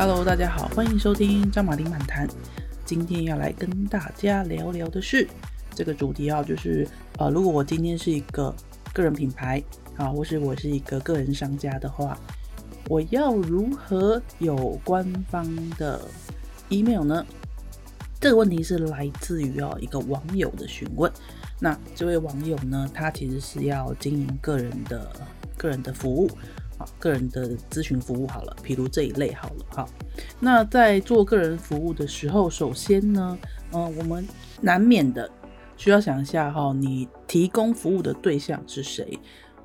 Hello，大家好，歡迎收聽張馬力漫談。今天要來跟大家聊聊的是這個主題哦、啊，就是呃，如果我今天是一個個人品牌啊，或是我是一個個人商家的話，我要如何有官方的 email 呢？這個問題是來自於哦一個網友的詢問。那這位網友呢，他其實是要經營個人的個人的服務。好，個人的諮詢服務好了，譬如這一類好了。好，那在做個人服務的時候，首先呢，嗯，我們難免的需要想一下哈，你提供服務的對象是誰？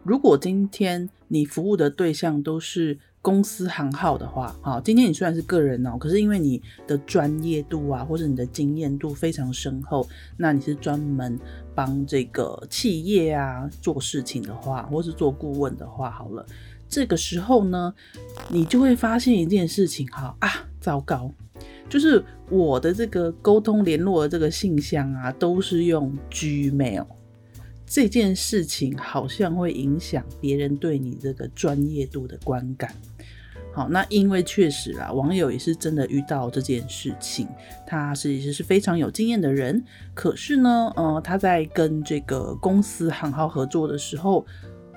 如果今天你服務的對象都是公司行號的話，好，今天你雖然是個人哦、喔，可是因為你的專業度啊，或者你的經驗度非常深厚，那你是專門幫這個企業啊做事情的話，或是做顧問的話，好了。這個時候呢，你就會發現一件事情，哈啊，糟糕，就是我的這個溝通聯絡的這個信箱啊，都是用 Gmail，這件事情好像會影響別人對你這個專業度的觀感。好，那因為確實啦，網友也是真的遇到這件事情，他其實際上是非常有經驗的人，可是呢，嗯、呃，他在跟這個公司好好合作的時候。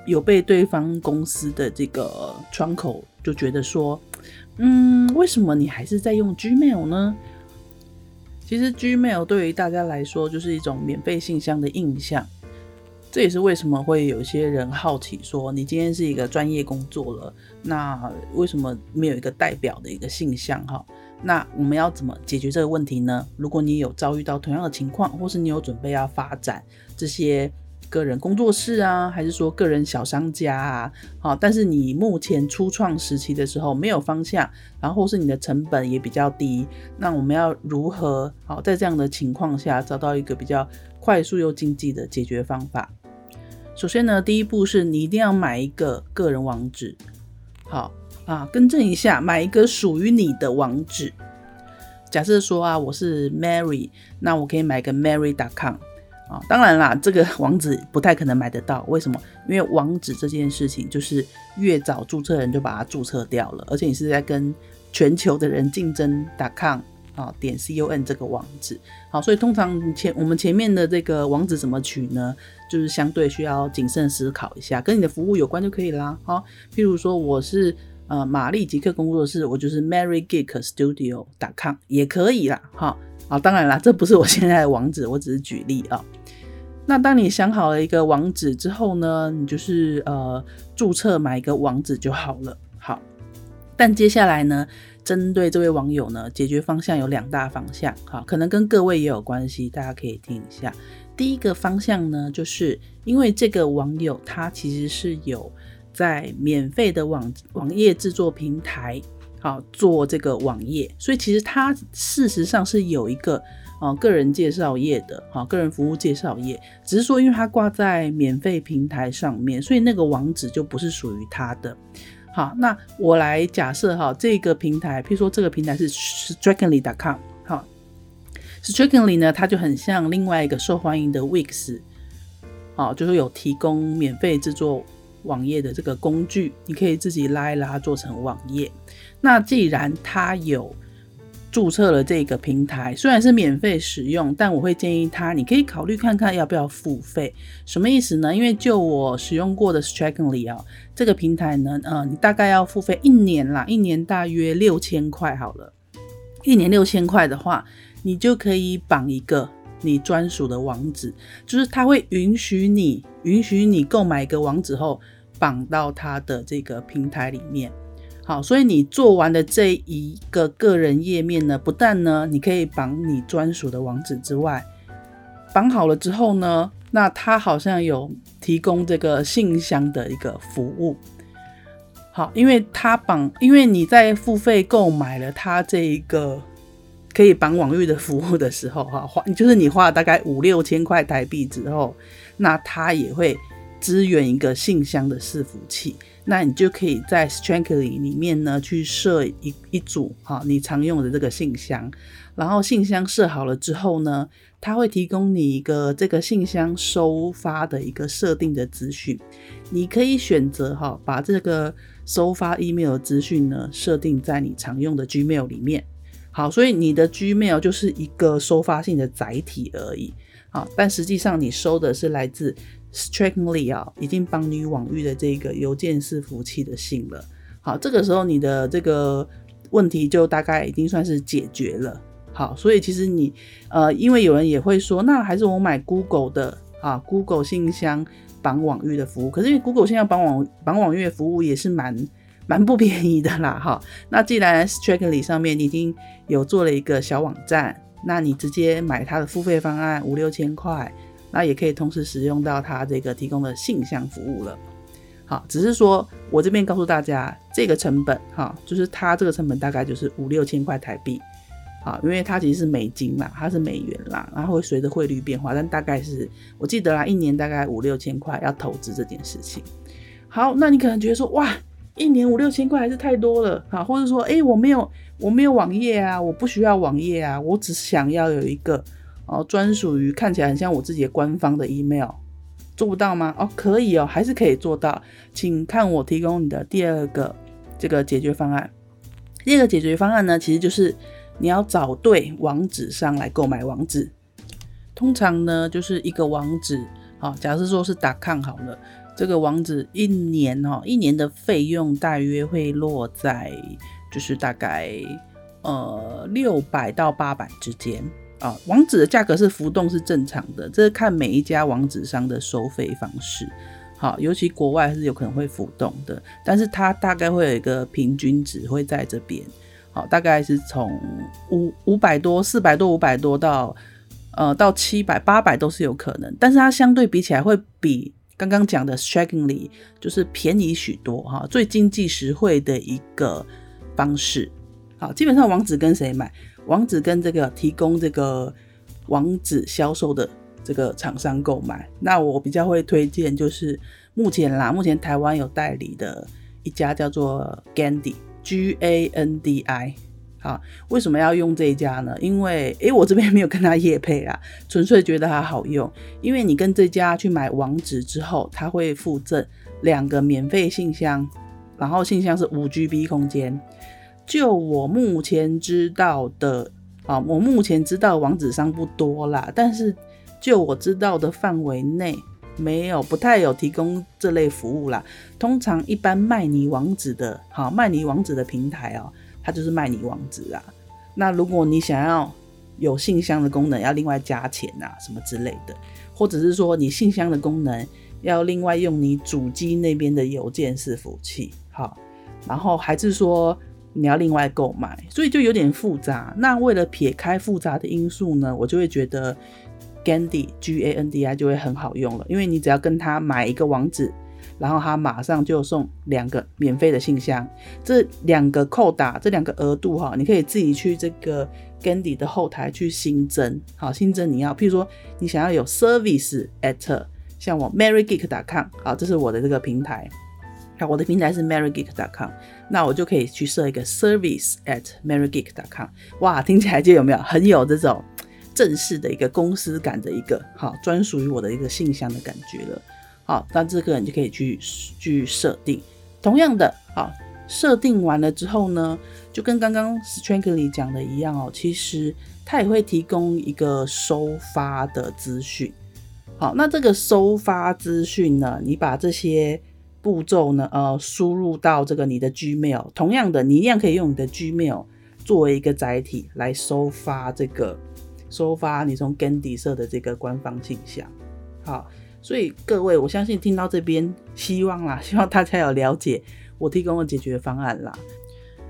有被對方公司的這個窗口就覺得說，嗯，為什麼你還是在用 Gmail 呢？其實 Gmail 對於大家來說就是一種免費信箱的印象，這也是為什麼會有些人好奇說，你今天是一個專業工作室，那為什麼沒有一個代表的一個信箱？哈，那我們要怎麼解決這個問題呢？如果你有遭遇到同樣的情況，或是你有準備要發展這些。個人工作室啊，還是說個人小商家啊，好，但是你目前初創時期的時候沒有方向，然後是你的成本也比較低，那我們要如何好在這樣的情況下找到一個比較快速又經濟的解決方法？首先呢，第一步是你一定要買一個個人網址，好啊，更正一下，買一個屬於你的網址。假設說啊，我是 Mary，那我可以買一個 Mary.com。啊，當然啦，這個網址不太可能買得到。為什麼？因為網址這件事情，就是越早注冊人就把它注冊掉了，而且你是在跟全球的人競爭。.com 啊，點 c u n 這個網址，好，所以通常前我們前面的這個網址怎麼取呢？就是相對需要謹慎思考一下，跟你的服務有關就可以啦，啊。哈，好，譬如說我是呃瑪麗極客工作室，我就是 Mary Geek Studio.com 也可以啦。哈，啊，當然啦，這不是我現在的網址，我只是舉例啊。那當你想好了一個網址之後呢，你就是呃註冊買一個網址就好了。好，但接下來呢，針對這位網友呢，解決方向有兩大方向。好，可能跟各位也有關係，大家可以聽一下。第一個方向呢，就是因為這個網友他其實是有在免費的網網頁製作平台好，做這個網頁，所以其實他事實上是有一個。啊，個人介紹頁的哈，個人服務介紹頁，只是說因為它掛在免費平台上面，所以那個網址就不是屬於它的。好，那我來假設哈，這個平台，譬如說這個平台是 Strikingly.com，好，Strikingly 呢，它就很像另外一個受歡迎的 Wix，好，就是有提供免費製作網頁的這個工具，你可以自己拉一拉做成網頁。那既然它有，註冊了這個平台，雖然是免費使用，但我會建議他，你可以考慮看看要不要付費。什麼意思呢？因為就我使用過的 Strikingly 啊、哦，這個平台呢，呃，你大概要付費一年啦，一年大約六千塊好了。一年六千塊的話，你就可以綁一個你專屬的網址，就是他會允許你，允許你購買一個網址後綁到他的這個平台裡面。好，所以你做完的這一個個人頁面呢，不但呢你可以綁你專屬的網址之外，綁好了之後呢，那它好像有提供這個信箱的一個服務。好，因為它綁，因為你在付費購買了它這一個可以綁網域的服務的時候，哈，花就是你花了大概五六千塊台幣之後，那它也會支援一個信箱的伺服器。那你就可以在 Strikingly 裡面呢，去設一一組哈，你常用的這個信箱，然後信箱設好了之後呢，它會提供你一個這個信箱收發的一個設定的資訊，你可以選擇哈，把這個收發 email 的資訊呢，設定在你常用的 Gmail 裡面。好，所以你的 Gmail 就是一個收發信的載體而已，好，但實際上你收的是來自 Strikingly 啊，已經綁你網域的這個郵件伺服器的信了。好，這個時候你的這個問題就大概已經算是解決了。好，所以其實你呃，因為有人也會說，那還是我買 Google 的啊，Google 信箱綁網域的服務。可是因為 Google 現在綁網綁網域的服務也是蠻蠻不便宜的啦，哈。那既然 Strikingly 上面已經有做了一個小網站，那你直接買它的付費方案，五六千塊。那也可以同時使用到它這個提供的信箱服務了。好，只是說我這邊告訴大家，這個成本哈，就是它這個成本大概就是五六千塊台幣。好，因為它其實是美金嘛，它是美元啦，然後會隨着匯率變化，但大概是，我記得啦，一年大概五六千塊要投資這件事情。好，那你可能覺得說，哇，一年五六千塊還是太多了，好，或者說，哎，我沒有，我沒有網頁啊，我不需要網頁啊，我只想要有一個。哦，專屬於看起來很像我自己的官方的 email，做不到嗎？哦，可以哦，還是可以做到。請看我提供你的第二個這個解決方案。第二個解決方案呢，其實就是你要找對網址上來購買網址。通常呢，就是一個網址，哈，假設說是 .com 好了，這個網址一年，哦，一年的費用大約會落在就是大概呃六百到八百之間。啊，網址、哦、的價格是浮動是正常的，這是看每一家網址商的收費方式。好、哦，尤其國外是有可能會浮動的，但是它大概會有一個平均值會在這邊。好、哦，大概是從五五百多、四百多、五百多到呃到七百、八百都是有可能。但是它相對比起來會比剛剛講的 Strikingly 就是便宜許多哈、哦，最經濟實惠的一個方式。好，基本上網址跟誰買？網址跟這個提供這個網址銷售的這個廠商購買。那我比較會推薦就是目前啦，目前台灣有代理的一家叫做 Gandi，G A N D I。好，為什麼要用這一家呢？因為哎、欸，我這邊沒有跟他業配啊，純粹覺得它好用。因為你跟這家去買網址之後，他會附贈兩個免費信箱，然後信箱是五 G B 空間。就我目前知道的啊，我目前知道的網址商不多啦，但是就我知道的範圍內，沒有不太有提供這類服務啦。通常一般賣你網址的，好，賣你網址的平台哦、喔，它就是賣你網址啊。那如果你想要有信箱的功能，要另外加錢啊，什麼之類的，或者是說你信箱的功能要另外用你主機那邊的郵件伺服器，好，然後還是說。你要另外購買，所以就有點複雜。那為了撇開複雜的因素呢，我就會覺得 Gandi Gandi G A N D I 就會很好用了，因為你只要跟他買一個網址，然後他馬上就送兩個免費的信箱。這兩個扣打，這兩個額度哈，你可以自己去這個 Gandi 的後台去新增，好新增你要，譬如說你想要有 service at，像我 Mary Geek.com 好，這是我的這個平台。好，我的平台是 marygeek.com，那我就可以去設一個 service at marygeek.com。哇，聽起來就有沒有很有這種正式的一個公司感的一個好專屬於我的一個信箱的感覺了。好，那這個你就可以去去設定。同樣的，好，設定完了之後呢，就跟剛剛 Strikingly 講的一樣哦、喔，其實它也會提供一個收發的資訊。好，那這個收發資訊呢，你把這些。步驟呢？呃，輸入到這個你的 Gmail，同樣的，你一樣可以用你的 Gmail 作為一個載體來收發這個收發你從 Gandi 社的這個官方信箱。好，所以各位，我相信聽到這邊，希望啦，希望大家有了解我提供的解決方案啦，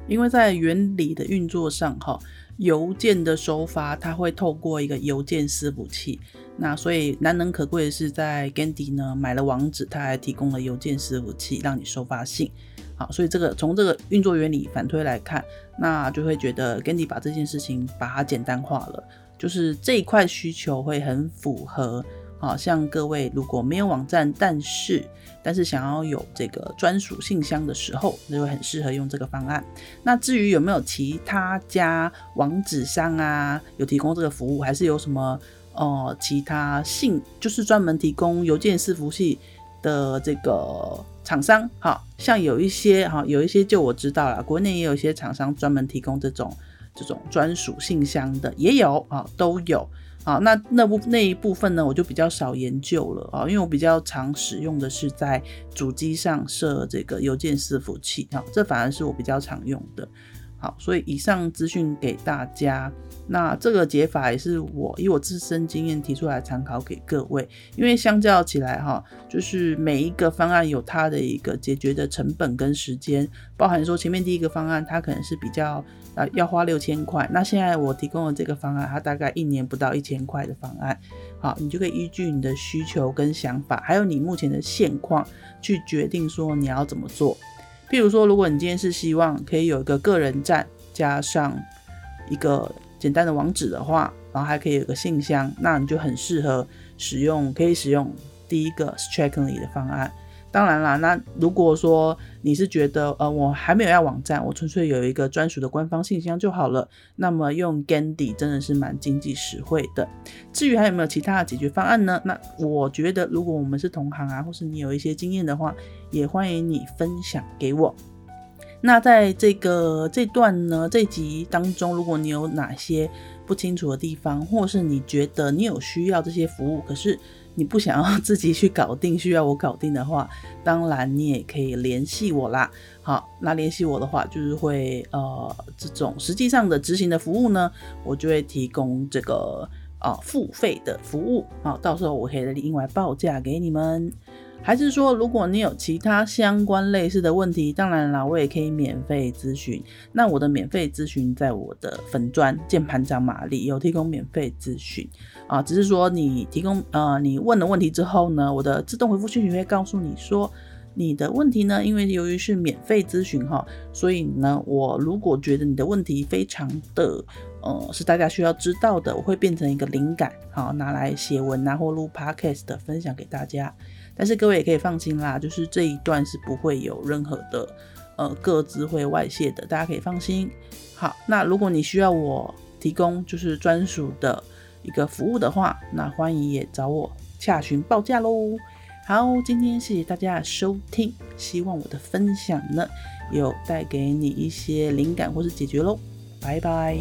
因為在原理的運作上，哈。郵件的收發，它會透過一個郵件伺服器。那所以難能可貴的是在呢，在 Gandi 呢買了網址，它還提供了郵件伺服器，讓你收發信。好，所以這個從這個運作原理反推來看，那就會覺得 Gandi 把這件事情把它簡單化了，就是這一塊需求會很符合。好，像各位如果沒有網站，但是但是想要有這個專屬信箱的時候，那就會很適合用這個方案。那至於有沒有其他家網址商啊，有提供這個服務，還是有什麼哦、呃、其他信，就是專門提供郵件伺服器的這個廠商？好像有一些，哈，有一些就我知道了。國內也有一些廠商專門提供這種這種專屬信箱的，也有啊，都有。好，那那部那一部分呢我就比較少研究了啊，因為我比較常使用的是在主機上設這個郵件伺服器啊，這反而是我比較常用的。好，所以以上資訊給大家，那這個解法也是我以我自身經驗提出來參考給各位，因為相較起來哈，就是每一個方案有它的一個解決的成本跟時間，包含說前面第一個方案它可能是比較。要花六千塊，那現在我提供的這個方案，它大概一年不到一千塊的方案。好，你就可以依據你的需求跟想法，還有你目前的現況，去決定說你要怎麼做。譬如說，如果你今天是希望可以有一個個人站，加上一個簡單的網址的話，然後還可以有個信箱，那你就很適合使用，可以使用第一個 Strikingly 的方案。當然啦，那如果說你是覺得，呃，我還沒有要網站，我純粹有一個專屬的官方信箱就好了，那麼用 Gandi 真的是蠻經濟實惠的。至於還有沒有其他的解決方案呢？那我覺得，如果我們是同行啊，或是你有一些經驗的話，也歡迎你分享給我。那在這個這段呢，這集當中，如果你有哪些不清楚的地方，或是你覺得你有需要這些服務，可是。你不想要自己去搞定，需要我搞定的話，當然你也可以聯繫我啦。好，那聯繫我的話，就是會呃，這種實際上的執行的服務呢，我就會提供這個啊付費的服務。好，到時候我可以另外報價給你們。還是說，如果你有其他相關類似的問題，當然了，我也可以免費諮詢。那我的免費諮詢在我的粉專鍵盤張馬力有提供免費諮詢啊，只是說你提供呃，你問了問題之後呢，我的自動回覆訊息會告訴你說你的問題呢，因為由於是免費諮詢哈，所以呢，我如果覺得你的問題非常的呃是大家需要知道的，我會變成一個靈感，好拿來寫文啊或錄 Podcast 分享給大家。但是各位也可以放心啦，就是這一段是不會有任何的呃個資會外泄的，大家可以放心。好，那如果你需要我提供就是專屬的一個服務的話，那歡迎也找我洽詢報價嘍。好，今天謝謝大家收聽，希望我的分享呢有帶給你一些靈感或是解決嘍。拜拜。